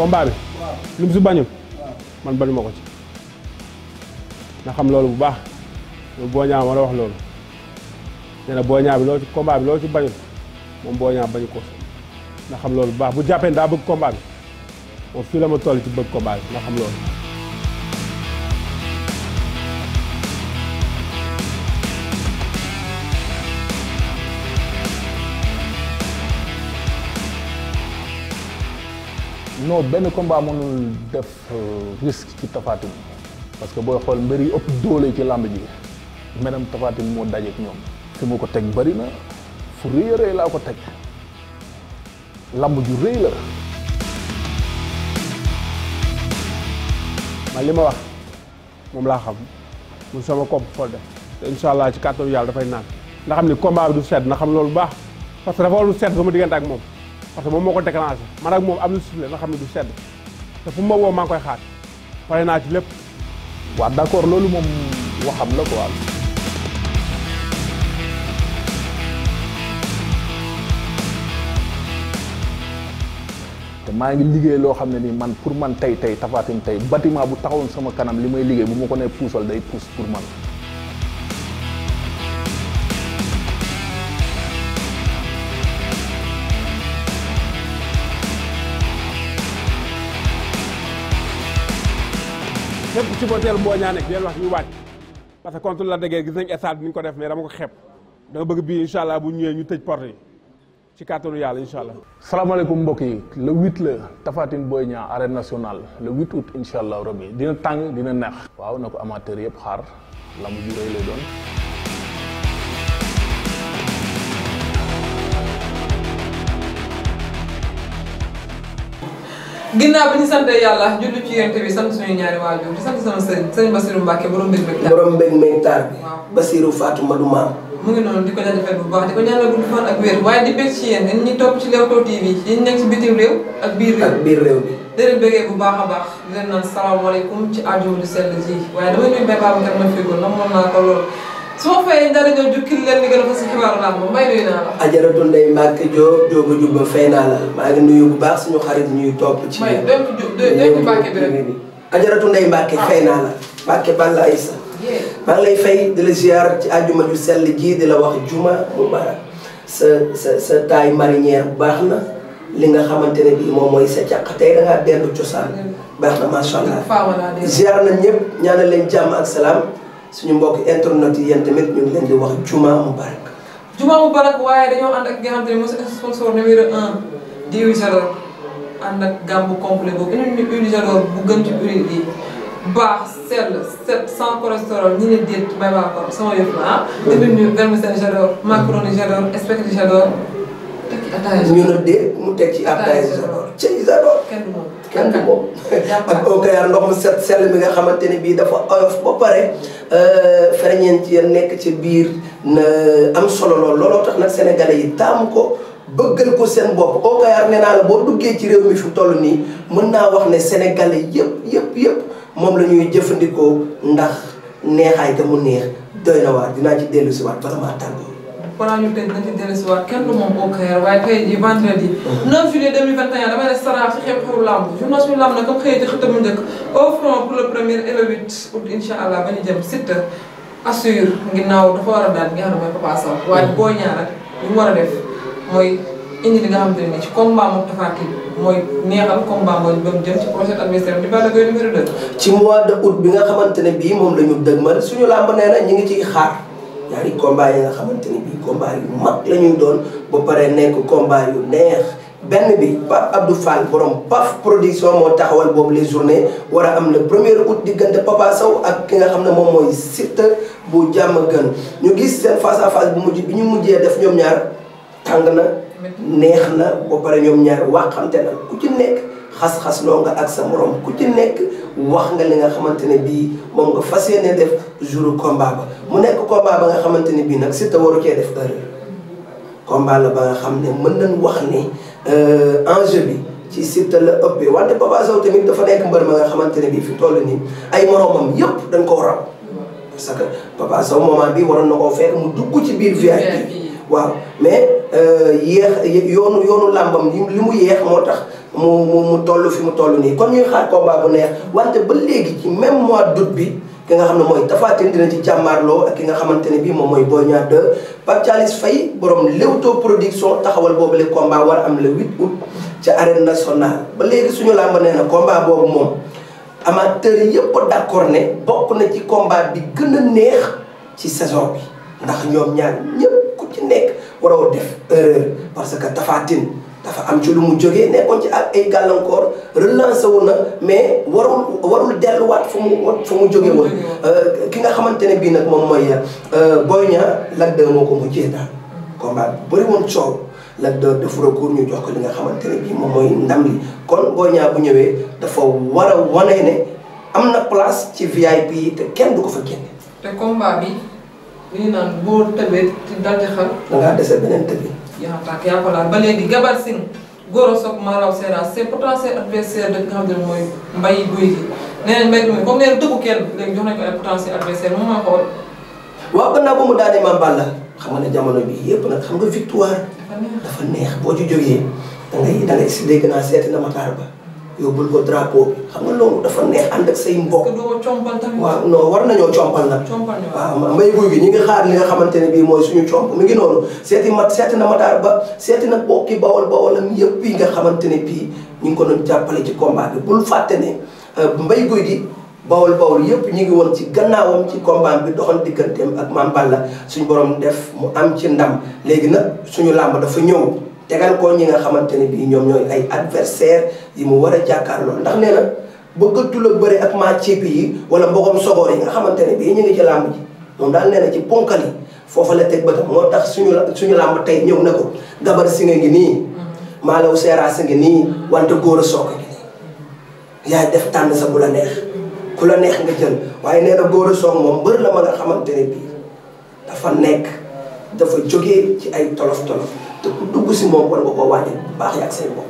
combat bi. lu si bañul. man bañu ma ko ci. na xam loolu bu baax loolu boo ñaaw ma wax loolu nee na boo ñaaw bi loolu ci combat loolu ci bañul moom boo ñaaw bañu ko na xam loolu bu baax bu jàppee daa bëgg combat oo fii la ma toll ci bëgg combat bi na xam loolu. non benn combat mënul def euh, risque ci Tafatine parce que booy xool mbir yi ëpp doole ci làmb ji menam Tafatine moo dajeek ñoom fi mu ko teg bari na fu rëy a rëy laa ko teg làmb ju rëy la man li ma wax moom laa xam mun sama kopp Fodé te incha ci kàttan yàlla dafay naan nga xam ni combat bi du sedd na xam loolu baax parce que dafa war lu sedd sama diggante ak moom parce moom moo ko déclenché man ak moom am na suuf la xam ne du sedd te fu ma woo maa koy xaar pare naa ci lépp. waaw d'accord loolu moom waxam la quoi. te maa ngi liggéey loo xam ne nii man pour man tey tey Tapha tey bâtiment bu taxawoon sama kanam li may liggéey bu ma ko nee puusal day puus pour man. fépp ci booteel Mboñaa nekk leen wax ñu wàcc parce que contre la déggee gis nañ stade bi ñu ko def mais dama ko xeeb dama bëgg bii incha allah bu ñëwee ñu tëj porte yi ci kàttanu yàlla incha allah. salaamaaleykum mbokk yi le huit la tafaatin Tine ñaa Niang national nationale le huit août incha allah rabbi dina tàng dina neex. waaw na ko amateur yëpp xaar lamb ju rëy lay doon. ginnaaw bi ñu sante yàlla julli ci yéen bi sant suñu ñaari waajur di sant sama sëriñ sëriñ Basirou Mbacke borom mbég bi Basirou Fatou Madou Maam mu ngi noonu di ko jaajëfal bu baax di ko ñaanal gudd ak wér waaye di bég ci yéen ñi topp ci Leewtoo TV yéen nekk bitim réew ak biir réew bi di leen bégee bu baax a baax di leen naan salaamaaleykum ci àjjuma di sell ji waaye dama ñuy bay Babacar ma figoon na moon naa ko lool su ma fayee dara ñëw jukkil leen li gën a fas xibaaru làmb may nuyu naa la. ajaratu Ndeye Mbacke Diop Diop Diop fay naa la maa ngi nuyu bu baax suñu xarit ñuy topp. ci may doon ko Diop doon Mbacke bi rek. ajaratu Ndeye Mbacke ah. fay naa la Mbacke Balla Aïssa. maa ngi lay fay di la ziar ci àjjuma ju sell ji di la wax juma mubarak sa sa sa taille marinière baax na li nga xamante ne bii moom mooy sa càq tey da ngaa dellu cosaan mm. baax na macha allah ziar na ñëpp ñaanal leen jàmm ak salaam. suñu mbokk internet yi yéen tamit ñu ngi leen di wax juma mubarak juma mubarak waaye dañoo ànd ak nga xam te ne mooy seen sponsor numéro un di Huile Jador ànd ak bu gën ci huile yi baax sell set sans cholestérol ah. mm-hmm. ñu ne déet bay baa ko sama yëf la te indi ñu vermicelle ne déet mu teg ci attaaya Jador. cey kenn du ko ak okayaar ndox mu set sell mi nga xamante ne bii dafa oyof ba pare euh, ferñeent ya nekk ci biir na am solo lool looloo tax nag sénégalais yi taamu ko bëggal ko seen bopp okayaar ne naa la boo duggee ci réew mi fu toll nii mën naa wax ne sénégalais yëpp yëpp yëpp moom la ñuy jëfandikoo ndax neexaay te mu neex doy na waa dinaa ci dellu si bala maa tàggoo balaa ñu tëj na si dellusiwaat kenn du moom bokk xeer waaye tey jii vendredi 9 juillet 2021 damay def saraax ci xew-xewu dafa war a daal nga xam ne mooy Papa waaye boo ñaar ak mu war a def mooy indi li nga xam te ne ci combat moom Tapha Tine mooy neexal combat mooy ba mu jëm ci projet administratif di Balla Gaye numéro 2. ci mois de août bi nga xamante ne bii moom la ñu dëgmal suñu làmb nee na ñu ngi ciy xaar. ñaari combat yi nga xamante ni bii combat yu mag la ñuy doon ba pare nekk combat yu neex benn bi Pape Abdou Fall borom PAF production moo taxawal boobu les journées war a am na première août diggante Papa Sow ak ki nga xam ne moom mooy Siteu bu jàmm gën ñu gis seen face à face bu mujj bi ñu mujjee def ñoom ñaar tàng na neex na ba pare ñoom ñaar waxante na ku ci nekk xas-xas loo nga ak sa moroom ku ci nekk wax nga li nga xamante ne bii moom nga fas yéene def jour combat ba mu nekk combat ba nga xamante ne bii nag Siteu waru cee def erreur combat ba nga xam ne mën nañ wax ne euh, enjeu bi ci Siteu la ëppee wante Papa Sow tamit dafa nekk mbër ma nga xamante ne bii fi toll nii ay moromam yëpp dañ ko war a que Papa Sow moment bii waroon na koo fekk mu dugg ci biir VIP waaw mais yéex yoonu yoonu làmbam li mu yéex moo tax mu mu mu toll fi mu toll nii kon ñuy xaar combat bu neex wante ba léegi ci même mois d'août bi ki nga xam ne mooy Tapha Tine dina ci jàmmaarloo ak ki nga xamante ne bii moom mooy boo Niang 2 Pape Thialis Faye borom Leewtoo production taxawal boobu le combat war am le 8 août ca arène nationale ba léegi suñu làmb nee na combat boobu moom amateurs yëpp d'accord ne bokk na ci komba bi gën a neex ci saison bi ndax ñoom ñaar ku ci nekk waroo def erreur parce que Tapha Tine dafa am ci lu mu jógee nekkoon ci ak ay gàllankoor relancé wu na mais warul delluwaat fu mu fu mu jóge woon euh, ki nga xamante ne bii nag moom mooy euh, Boy ñaa Lac 2 moo ko mujjee daal combat bëri woon coow Lac 2 dafa recours ñu jox ko li nga xamante ne bii moom mooy ndam li kon Boy ñaa bu ñëwee dafa war a wane ne am na place ci VIP te kenn du ko fa génne te combat bi ñu ngi naan boo tëbee dal di xal. da ngaa a beneen tëbi. yaa tàkk yaa ko laal ba léegi gabar sin góor a soog maaraw seeraas c'est pourtant c'est adversaire dëgg nga xam ne mooy mbay guy gi nee mbay mi comme nee na kenn léegi jox nañ ko ay potentiel adversaire moom maa ko war. waaw gannaaw ba mu daanee Mame Balla xam ne jamono bi yëpp nag xam nga victoire. dafa neex boo ci jógee da ngay si dégg naa seeti na Ba. yóbbul ko drapeau xam nga loolu dafa neex ànd ak say mbokk. te doo compal tamit. waaw non war nañoo compal nag. compal waaw may guy bi ñi ngi xaar li nga xamante ne bii mooy suñu comp mi ngi noonu seeti mat seeti na mataar ba seeti na bokki bawol bawol am yëpp yi nga xamante ne bii ñu ngi ko doon jàppale ci combat bi bul fàtte mbay guy gi. bawol bawol yëpp ñu ngi woon ci gannaawam ci combat bi doxal digganteem ak Mame Balla suñu borom def mu am ci ndam léegi nag suñu làmb dafa ñëw. tegal ko ñi nga xamante ne bii ñoom ñooy ay adversaire yi mu war a jàkkaarloo ndax nee na bëggatul la bari ak maa ceeb yi wala mbogom sogoor yi nga xamante ne bii ñu ngi ci làmb ji moom daal nee na ci ponkal yi foofa la teg bëtam moo tax suñu suñu làmb tey ñëw na ko gabar si nga ngi nii maalaw mm-hmm. seera si ngi nii wante góor a sook ngi nii yaay def tànn sa bu la neex mm-hmm. ku la neex nga jël waaye nee na góor a soog moom mbër la ma a xamante ne bii dafa nekk dafa jógee ci ay tolof te ku dugg si moom war nga koo wàññi bu baax yi ak seen a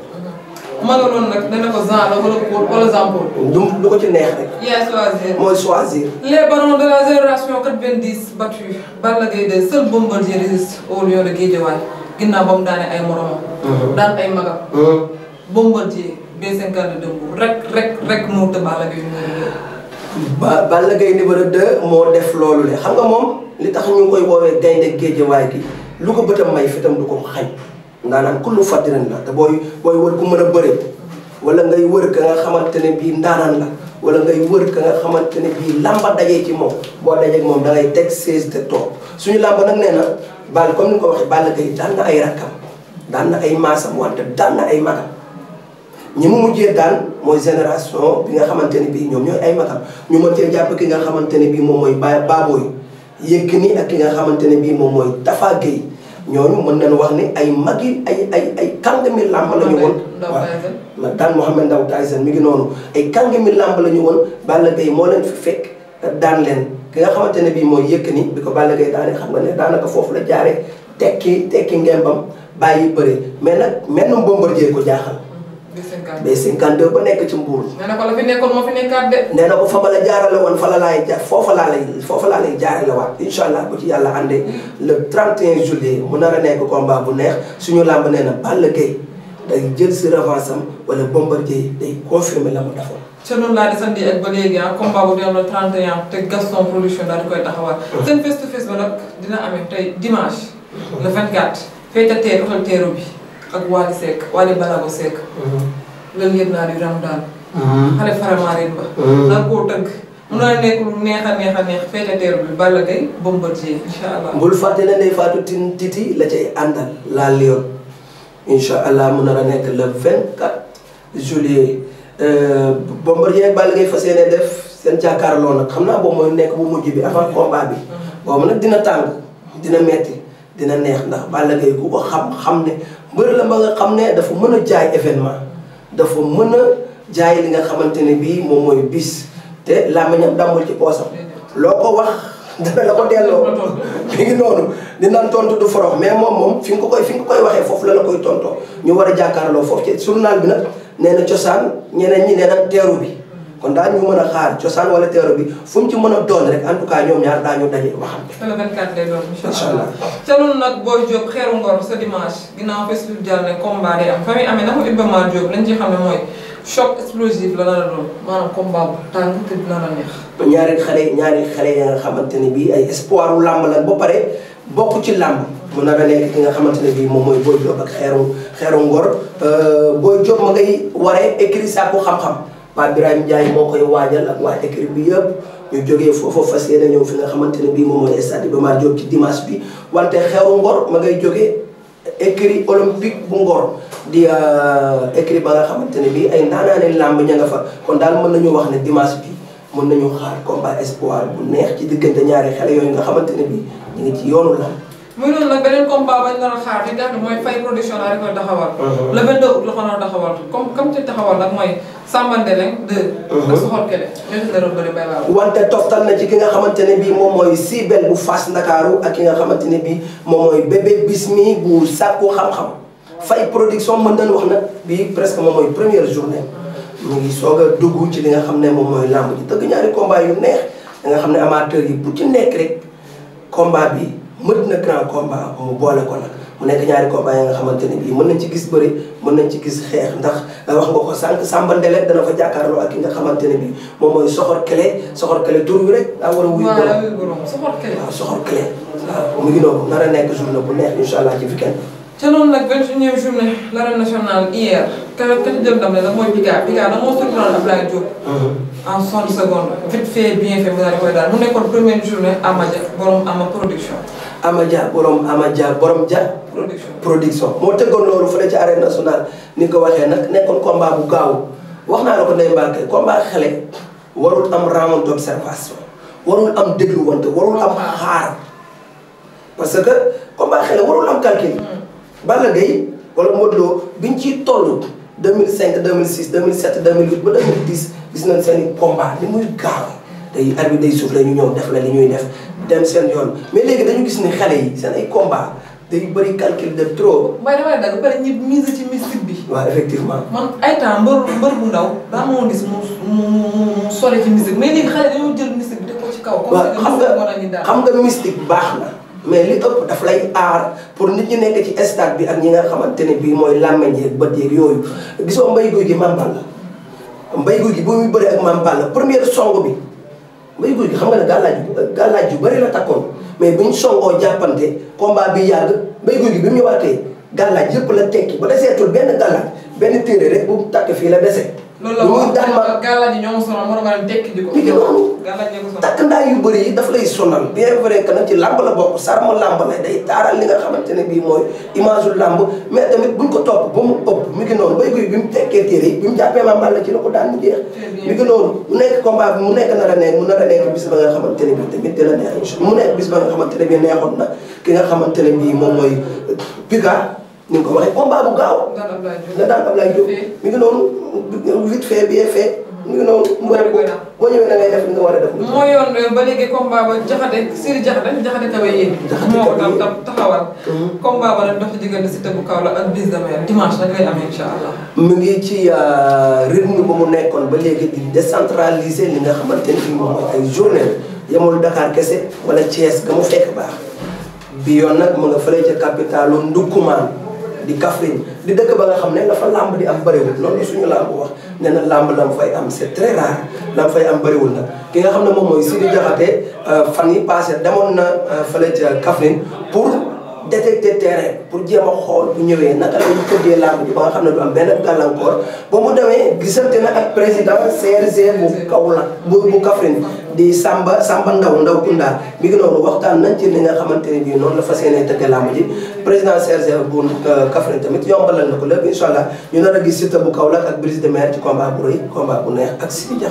magaloon nag dana ko Jean la wala Paul wala Jean Paul. du ko ci neex rek. yaa choisir. mooy choisir. les de la génération 90 battus Balla Gaye 2 seul Bombardier résiste au lion de Guédiawaye ginnaaw ba mu daane ay moromam. Mhm. daan ay magam. Mhm. Bombardier B52 dëmb rek rek rek moo te Balla Gaye ba Balla Gaye numéro moo def loolu le xam nga moom li tax ñu ngi koy woowee gaynde Guédiawaye gi. lu ko bëtam may fitam du ko xañ ndaanaan kullu fàttirin la te booy booy wër ku mën a bëre wala ngay wër ka nga xamante ne bii ndaanaan la wala ngay wër ka nga xamante ne bii lamba dajee ci moom boo dajee moom da ngay teg seize te toog suñu lamba nag nee na Balla comme ni nga ko waxee Balla Gaye daan na ay rakkam daan na ay maasam wante daan na ay magam ñi mu mujjee daan mooy génération bi nga xamante ne bii ñoom ñooy ay magam ñu mën cee jàpp ki nga xamante ne bii moom mooy ba baaboo yi Yékini ak ki nga xamante ne bii moom mooy Tapha Gueye ñooñu mën nañu wax ni ay mag yi ay ay ay kàngami làmb la ñu woon waaw daan Mohamed Ndao Tyson mi ngi noonu ay kàngami làmb la ñu woon Balla Gaye moo leen fi fekk daan leen ki nga xamante ne bii mooy yëkk ni bi ko Balla Gaye daanee xam nga ne daanaka foofu la jaare tekki tekki ngembam bàyyi bëre mais nag mel na Bombardier ko jaaxal mais 52 ba nekk ci mbuur. nee na ko la fi nekkoon moo fi nekkaat de. nee na ko fa ma la jaarale fa la laay ja foofa laa lay foofa laa lay jaarale allah bu ci yàlla àndee le 31 juillet mu nar a nekk combat bu neex suñu làmb nee na Balla Gaye day jël si revanche am wala day confirmer la mu defoon. ca ah, Gaston production daal di koy taxawal. seen face to face ba nag dina amee tey dimanche. le 24 fay ca teer otel teeru bi ak Wally Seck Wally Balago Seck. Mm-hmm. lël yëpp naa di ramadan. Uh-huh. xale faramaareen ba. naa uh-huh. koo tëgg. mun neex a neex a neex féete teer bi Balla Gaye Bombardier incha allah. la Ndeye Fatou allah mu nar a nekk le 24 juillet euh, Bombardier Balla Gaye fas yéene def seen jàkkaarloo nag xam naa boobu mooy nekk bu mujj bi avant combat bi. Uh-huh. boobu nag dina tàng dina metti dina neex ndax Balla Gaye ku ko xam xam ne mbër la ma nga xam ne dafa mën a jaay événement. dafa mën a jaay li nga xamante ne bii moom mooy bis te laa làmmiñam dàmbul ci poosam loo ko wax dana la ko delloo mi ngi noonu dinaan tontu du forox mais moom moom fi nga ko koy fi nga ko koy waxee foofu la la koy tontoo ñu war a jàkkaarloo foofu ci journal bi nag nee na cosaan ñeneen ñi ne na teeru bi kon daa ñu mën a xaar cosaan wala teero bi fu mu ci mën a doon rek en tout cas ñoom ñaar daa ñu daje waxante. le 24 lay doon incha allah ca sa dimanche ginnaaw festival jàll ne combat day am fa muy na ko Iba Mar Diop lañ ci xam ne mooy choc explosif la la la doon ñaari xale ñaari xale ya nga xamante ne bii ay espoir u làmb la ba pare bokk ci làmb. mu nar a nekk ki nga xamante ne bii moom mooy Boy Diop ak xeeru ngor euh, Boy Diop ma ngay waree écrit saako xam-xam Pape Birame Ndiaye moo koy waaja ak waa écrit bi yëpp ñu jógee foofa fas yéene ñëw fi nga xamante ne bii moom mooy stade Iba Mar ci dimanche bi wante xewu Ngor ma ngay jógee écrit olympique bu Ngor di euh, écrit ba nga xamante ne bii ay ndaanaane làmb ña nga fa kon daal mën nañu wax ne dimanche bi mën nañu xaar combat espoir bu neex ci diggante ñaari xale yooyu nga xamante ne bii ñu ngi ci yoonu làmb muy noonu nag beneen combat bañ a xaar li uh-huh. a taxawal comme comme ci taxawal nag mooy Samba Ndeleng 2. Uh-huh. ak Soxor Kelle ñooñu la doon wante toftal na ci ki nga xamante ne bii moom mooy Sibel bu Fass Ndakaaru ak ki nga xamante ne bii moom mooy bébé bismi bu sàkku xam-xam. fay production mën nañu wax nag bii presque moom mooy première journée. mu ngi soog a dugg ci li nga xam ne moom mooy làmb ji tëgg ñaari combat yu neex. da nga xam ne amateur yi bu ci nekk rek combat bi. mët na grand combat mu boole ko nag mu nekk ñaari combat yi nga xamante ne bii mën nañ ci gis bëri mën nañ ci gis xeex ndax eh, wax nga ko sànq Samba Ndele dana fa jàkkaarloo ki nga xamante ne bii moom mooy soxor Kele soxor Kele tur wi rek. daa war a wuyu borom soxor Kele waaw soxor Kele. mu ngi noonu nar a nekk journée bu neex incha allah ci weekend. ca noonu nag vingt et unième journée l'arène nationale hier. ka ka jël ndam ne la mooy Pika Pika da moo surprendre Abdoulaye Diop. Mm-hmm. en soixante secondes vite fait bien mu nekkoon première journée Amadia production. Amadia borom Amadia borom Dia. production production moo tëggoon loolu fële ci arène nationale ni nga ko waxee nag nekkoon combat bu gaaw wax naa la ko Ndeye Mbarké combat xale warul am round d'observation warul am dégluwante warul am xaar parce que combat xale warul am calcul. Hmm. Balla Gaye wala Modou Lo biñ ciy toll 2005 2006 2007 2008 ba 2010 gis nañ seen i combat ni muy gaaw. day arbitre day soufflé ñu ñëw def la li ñuy def dem seen yoon mais léegi dañu gis ni xale yi seen ay combat day bëri calcul de trop. mbay damay dagg pare ñi man ay temps mbër mbër bu ndaw daa moo gis mu mu mu mu ci mystique mais léegi xale dañoo jël mystique bi def ko ci kaw. comme xam nga xam nga mystique baax na. mais li ëpp daf lay aar pour nit ñi nekk ci stade bi ak ñi nga xamante ne bii mooy làmmeñ yeeg bët yeeg yooyu gisoo mbay guy gi Mame Balla mbay guy gi bu muy bëri ak Mame Balla première song bi. Mbaye Gouy Gui xam nga ne gàllaaj gàllaaj yu bëri la takkoon mais buñ songoo jàppante combat bi yàgg Mbaye Gouy Gui bi mu ñëwaatee gàllaaj yëpp la tekki ba deseetul benn gàllaaj benn téere rek bu tàkk fii la dese. loolu la moom gàllaaj yi ñoo ma sonal moo yu bëri yi daf lay sonal. bien vrai que nag ci làmb la bokk sarma làmb day taaral li nga xamante ne bii mooy image làmb mais tamit buñ ko topp ba mu ëpp mi ngi noonu bay tekkee téere yi bi mu jàppee maam la ci la ko daan mu jeex. nekk combat mu nekk nar a nekk bis ba nga xamante ne tamit dina neex mu nekk bis na ki nga xamante ne bii moom mooy Pika ni nga ko waxee combat bu gaaw. na daan Ablaye Diop mi ngi noonu vite fait bien fait. Mm-hmm. mi ngi noonu mu wér ko boo ñëwee da ngay def war a def. moo yoon ba léegi combat ba jaxate Siri jaxate jaxate kawe ko taxawal. Mm-hmm. combat ba nag dox diggante Siteu bu Kaolack ak Brise de Mer dimanche rek mu ngi euh, mu nekkoon ba léegi di décentraliser li nga xamante ni fii moom ay journée yemul Dakar kese wala Thiès ga mu fekk baax bi yoon nag mu nga fële ca capitalu di Kaffrine di dëkk ba nga xam ne dafa làmb di am bëriwul loolu suñu làmb wax nee na làmb lam fay am c'est très rare lam fay am bëriwul nag ki nga xam ne moom mooy Sidi Diakhaté euh, fan yi passé demoon na euh, fële ca pour détecter terrain pour jéem a xool bu ñëwee naka la ñu tëddee làmb ji ba nga xam ne du am benn gàllankoor ba mu demee gisante na ak président CRG bu Kaolack bu bu Kaffrine di Samba Samba Ndaw Ndaw Kounda mi ngi noonu waxtaan nañ ci li nga xamante ne bii noonu la fa yéene tëgg làmb ji président CRG bu euh, Kaffrine tamit yombalal na ko lépp incha ñu nar a gis Siteu bu Kaolack ak Brise de Mer ci combat bu rëy combat bu neex ak Sidi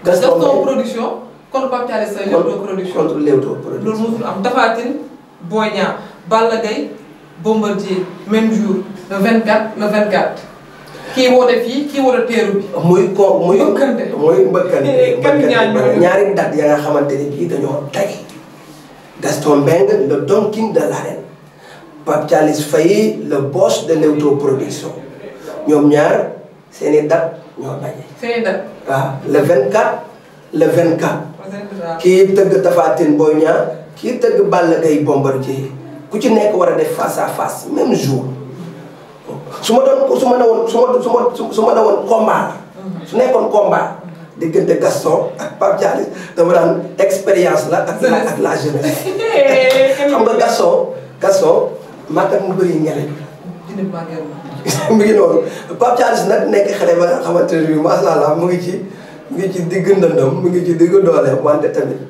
Diakhaté dama production contre Pape Thialis Faye. Leewtoo production contre Leewtoo production. loolu Bombardier même jour le 24 le 24. kii woote fii kii woote teeru bi. muy ko muy mbëkkante muy mbëkkante eh, ñaari date ya nga xamante ni bii dañoo teg Gaston Mbengue le Don King de l'arène Pape Faye le boss de l'autoproduction ñoom ñaar seen i date ñoo daje. seen i date. waaw ah, le 24 le 24. kii tëgg dafa Tine Boy Niang kii tëgg Balla Gaye Bombardier ku ci nekk war a def face a face même jour su ma doon su ma ne woon su su ma su woon combat su nekkoon combat diggante Gaston ak Pape Diallo dama daan expérience la ak la ak la jeunesse xam nga Gaston Gaston maanaam mu bëri ñeneen. mu ngi noonu Pape Thialis nag nekk xale ba xamante ne bii macha allah mu ngi ci mu ngi ci digg ndëndam mu ngi ci digg doole wante tamit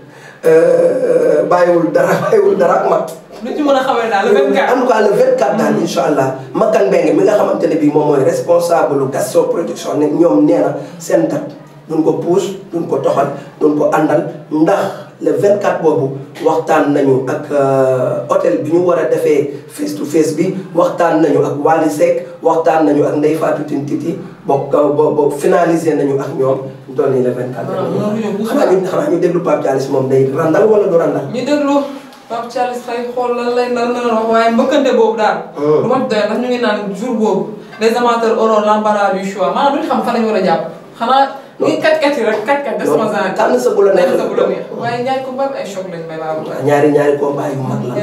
euh, bàyyiwul dara bàyyiwul dara ak mat. lu ci mën a xamee daal le 24 en daal incha Makan Mbengue mi nga xamante ne bii moom mooy responsable lu Gaston production ñoom nee na seen date duñ ko pousse duñ ko toxal duñ ko àndal ndax. le 24 boobu waxtaan nañu ak euh, hôtel bi ñu war a defee face to face bi waxtaan nañu ak Wally Seck waxtaan nañu ak Ndeye Fatou Tine Titi bokk bo bo finalisé nañu ak ñoom doon nañu le 24. waaw loolu yëpp xanaa ñu xanaa ñu déglu moom day randal wala du randal. Pape Thialis fay xool lan lay lan la wax waaye mbëkkante boobu daal. du oh. ma doy ndax ñu ngi naan jour boobu les amateurs auront l'embarras du choix maanaam duñu xam fan la ñu war a jàpp xanaa. ñu ngi kat kat yi rek kat kat de sama zaa. tànn sa bu la neex waaye ñaari combat ay choc lañ may baax ñaari ñaari combat yu mag lan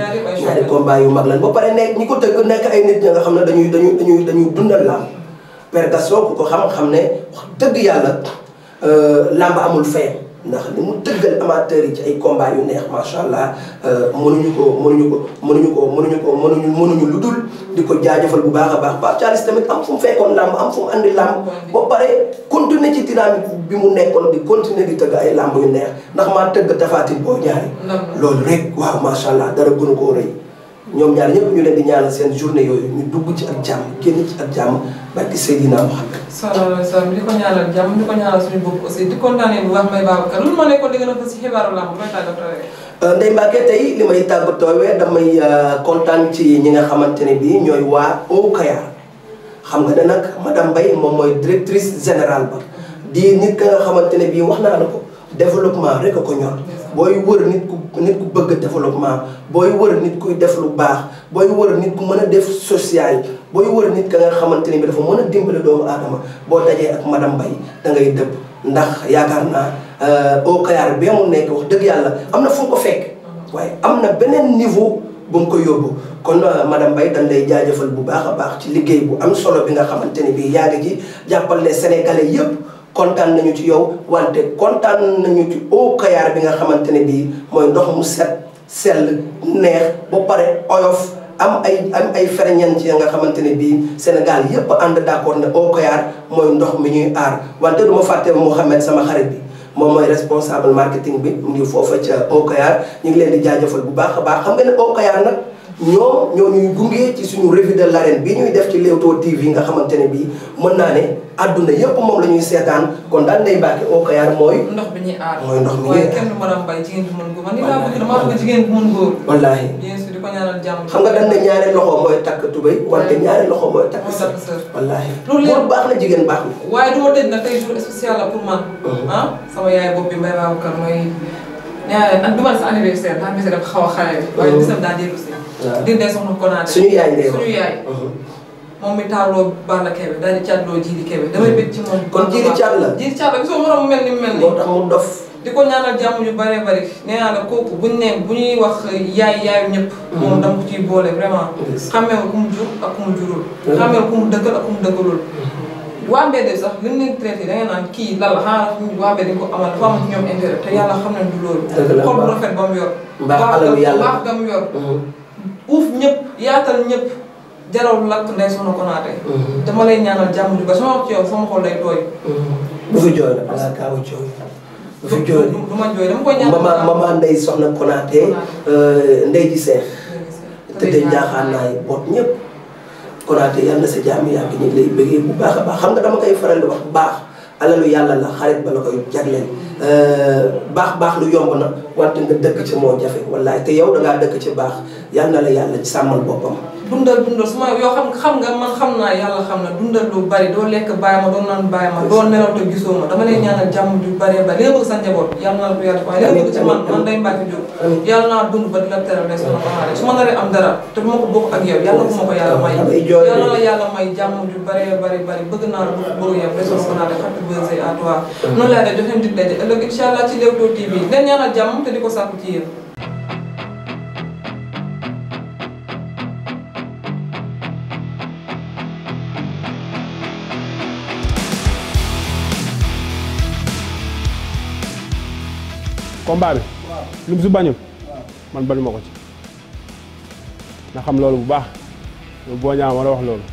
ñaari combat yu mag lan ba pare nekk ñi ko tëgg nekk ay nit ña nga xam ne dañuy dañuy dañuy dañuy dundal làmb. pergasoo ku ko xam-xam ne wax dëgg yàlla euh, làmb amul fayam ndax li mu tëggal amateur yi ci ay combat yu neex macha allah euh, mënuñu ko mënuñu ko mënuñu ko mënuñu ko mënuñu mënuñu lu dul di ko jaajëfal bu baax a baax Pape Thialis tamit am fu mu fekkoon làmb am fu mu andi làmb ba pare continuer ci dynamique bi mu nekkoon di continuer di tëgg ay làmb yu neex ndax maa tëgg tafaatin boo ñaari loolu rek waaw macha allah dara gënu koo rëy ñoom ñaar ñëpp ñu leen di ñaanal seen journée yooyu ñu dugg ci ak jàmm génn ci ak jàmm barki Seydina Mouhamed. sallallahu alayhi wa sallam di ko ñaanal di ko ñaanal suñu bopp aussi di kontaanee bu baax Mbaye Babacar loolu moo nekkoon di gën a fës ci xibaaru làmb mooy tàggatoo rek. Euh, Ndeye Mbacke may tàggatoowee damay euh, kontaan ci ñi nga xamante ne bii ñooy waa Eau Kayar xam nga ne nag madame moom mooy directrice générale ba di nit ka nga xamante ne bii wax naa la ko développement rek a ko ñor. booy wër nit ku nit ku bëgg développement booy wër nit kuy def lu baax booy wër nit ku mën a def social booy wër nit ka nga xamante ni bi dafa mën a dimbale doomu aadama boo dajee ak madame Mbaye da ngay dëpp ndax yaakaar naa euh, au Kayar bee mu nekk wax dëgg yàlla am na foo ko fekk waaye am na beneen niveau bu mu ko yóbbu kon euh, madame Mbaye dañ lay jaajëfal bu baax a baax ci liggéey bu am solo bi nga xamante ni bi yaa ngi ci jàppale Sénégalais yëpp kontaan nañu ci yow wante kontaan nañu ci Eau bi nga xamante ne bii mooy ndox mu set sell neex bu pare oyof am ay am ay ferñeent ya nga xamante ne bii Sénégal yépp ànd d'accord ne Eau Kayar mooy ndox mi ñuy aar wante du ma fàtte Mouhamed sama xarit bi moom mooy responsable marketing bi mu ngi foofa ca Eau Kayar ñu ngi leen di jaajëfal bu baax a baax xam nga ne Eau Kayar nag ñoom ñoo ñuy gunge ci suñu revue de l'arène bi ñuy def ci Leewtoo TV nga xamante ne bii mën naa ne adduna yëpp moom la ñuy seetaan kon daan day bàkke au Kayar mooy. ndox bi ñuy aar mooy ndox bi ñuy aar waaye kenn a mbay jigéen bu mën góor man ni laa bëgg damaa bëgg jigéen bu mën góor. xam nga dañ na ñaari loxo mooy takk tubéy wante ñaari loxo mooy takk sër. wallaahi loolu lépp baax na jigéen baax na. waaye doo dëj na tey jour spécial la uh-huh. ah, bi mbay nee na dugal sa anniversaire ndax monsieur dafa xaw a xale. waaye bisam oh. daa dellu si. waaw di dee soxna Konaté. suñu yaay ngay wax yaay. Uh-huh. moom mi taaloo Balla Kébé daal di càddoo Jili Kébé damay hmm. bëgg ci moom. kon Jili Thiam la Jili Thiam la di ko ñaanal jàmm ñu bare bari nee naa la ne bu ñuy wax yaay yaayu ñëpp. Hmm. moom dama ko ciy boole vraiment. xamee ku mu jur ak ku mu jurul. Hmm. xamee ku mu dëkkal ak ku mu waa mbedd sax bu ñu leen traité da ngeen naan kii lan la xanaa waa mbedd dañ ko amal dafa am ñoom intérêt te yàlla xam nañ du loolu. dëgg la xol bu rafet ba mu yor. mbaax alalu yàlla baax ga mu yor. Mm-hmm. uuf ñëpp yaatal ñëpp jarawul lakk ndey Soxna Konaté. Mm-hmm. dama lay ñaanal jàmm ju ba sama ci yow sama xol lay tooy. bu mm-hmm. fi jooy la ala kaawu jooy. bu fi jooy du ma jooy dama koy ñaanal maman maman Ndeye Soxna Konaté euh, Ndeye ji seex. Ndeye ji seex tëddee njaaxaan naay boot ñëpp. konaate yàlla na sa jàmm yàgg ñu lay bëggee bu baax a baax xam nga dama koy faral di wax baax alalu yàlla la xarit ba la koy jagleel euh, baax baax lu yomb na wante nga dëkk ci moo jafe wallaay te yow dangaa dëkk ci baax yàlla na la yàlla sàmmal boppam dundal dundal su ma yoo xam xam nga man xam naa yàlla xam na dundal lu bari doo lekk bàyyi ma doo naan bàyyi ma doo nelaw te gisoo ma dama lay jàmm ju bëree ba li nga bëgg sa njaboot yàlla naa la ko yàlla waaye li nga bëgg ci la teral su ma naree am dara te bu ma ko ak yow yàlla bu ko yàlla may yàlla la yàlla may jàmm ju bëree bari bëri bëgg naa la bëgg bëgg yow day sama xaare xatti bese à toi noonu laa lay joxe ndig daje ëllëg incha allah ci TV leen ñaanal jàmm te di ko sàkku ci yéen combat bi. lu mu si bañul. man bañuma ko ci. na xam loolu bu baax loolu boo ñaaw ma wax loolu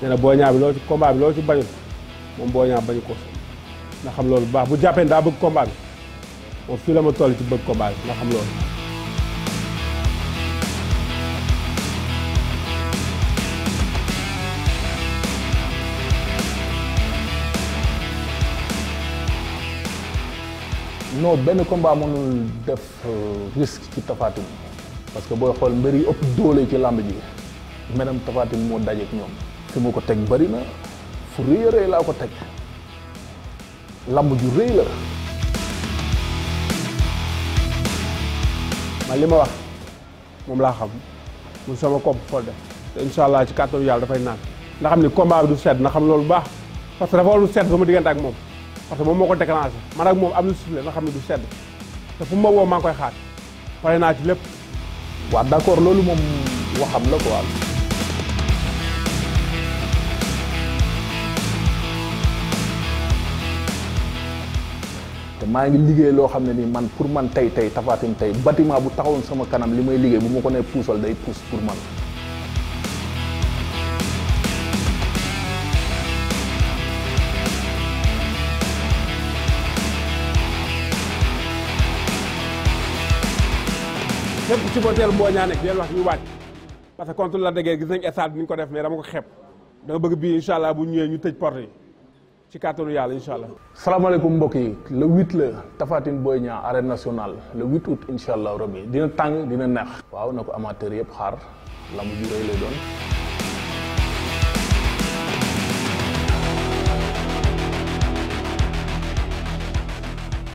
nee na boo ñaaw bi loolu ci combat loolu ci bañul moom boo ñaaw ko na xam loolu bu baax bu jàppee daa bëgg combat bi fii la ma toll ci bëgg combat bi na xam loolu. non benn combat mënul def euh, risque ci Tafatine parce que booy xool mbir yi ëpp doole ci làmb ji menam Tafatine moo dajeeg ñoom fi mu ko teg bari na fu rëy a rëy laa ko teg làmb ju rëy la. man li ma wax moom laa xam mun sama kopp xool de te incha ci kàttanu yàlla dafay naan nga xam ni combat bi du sedd na xam loolu baax parce que dafa war lu sedd sama diggante ak moom. parce que moom moo ko déclenché man ak moom am na suuf la nga xam ne du sedd te fu ma woo maa ngi koy xaar pare naa ci lépp. waaw d'accord loolu moom waxam la quoi. te maa ngi liggéey loo xam ne ni man pour man tey tey Tapha Tine tey bâtiment bu taxawoon sama kanam li may liggéey bu ma ko nee puusal day puus pour man. képp ci boo teel Mboñaa nekk del wax ñu wàcc parce que contre la déggee gis nañ stade bi ni ko def mais dama ko xeeb dama bëgg bii incha allah bu ñëwee ñu tëj porte yi ci kàttanu yàlla incha allah. salaamaaleykum mbokk yi le huit la tafaatin Boy ñaa arène national le huit août incha allah rabbi dina tàng dina neex. waaw na ko amateur yëpp xaar la mu juróoy lay doon.